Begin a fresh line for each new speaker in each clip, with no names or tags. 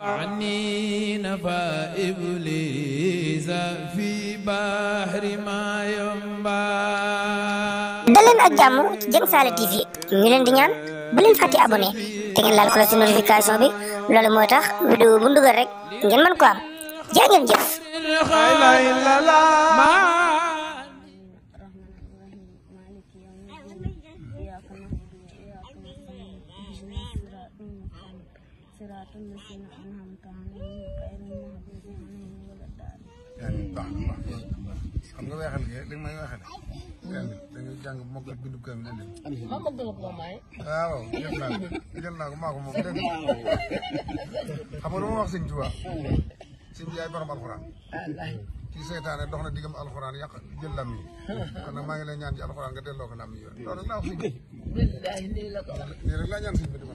عني نفى إبليس في بحر ما ينبع daleen ak ci Dieng Saala TV ñu leen di ñaan bu leen fàtte abonné te ngeen laal ko la ci notification bi loolu mooy tax vidéo bu rek ngeen mën ko am jaa ngeen jëf صراط الذين أنعمت عليهم غير المغضوب عليهم ولا الضالين xam nga weexal gi li nga may weexal kaamil dañuy jàng mook la bindu kaamil la leen ma mook la ko may waaw jël naa ko jël naa ko maa ko moom dégg xam nga lu ma wax sëñ Tuubaa sëñ bi yaay borom alxuraan ci seytaane dox na diggam alxuraan yàq jël lam yi kon nag maa ngi lay ñaan ci alxuraan nga delloo ko lam yi yoon loolu rek laa wax sëñ bi nii rek laa ñaan sëñ bi di ma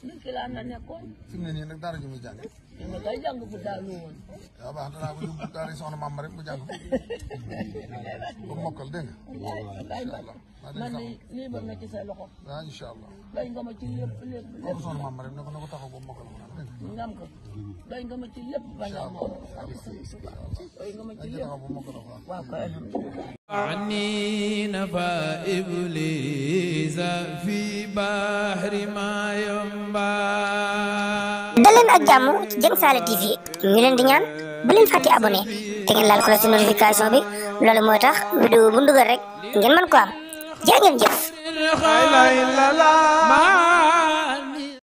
ci laa na nekkoon. fi mu ne nii nag daara ji muy jàng. ma koy jàng bu daalu woon. waaw baax danaa ko yóbbu daara soxna maam rek mu jàng. ba mokkal dégg nga. waaw man de lii ba ma ci sa loxo. waaw ah, incha allah. doy nga ma ci lépp lépp lépp. kooku soxna maam rek ne ko ne ko taxaw ba mokkal ma naan dégg nga. ngam ko doy nga ma ci lépp bañ a moom. doy nga ma ci lépp waaw kay alhamdulilah. عنين فإبليس في بحر ما يم daleen ak jàmm ci Dieng Saala TV ñu leen di ñaan bu leen fàtte abonné te ngeen laal ko la si notification bi loolu mooy tax vidéo bu ndugal rek ngeen mën ko am jaa ngeen jëf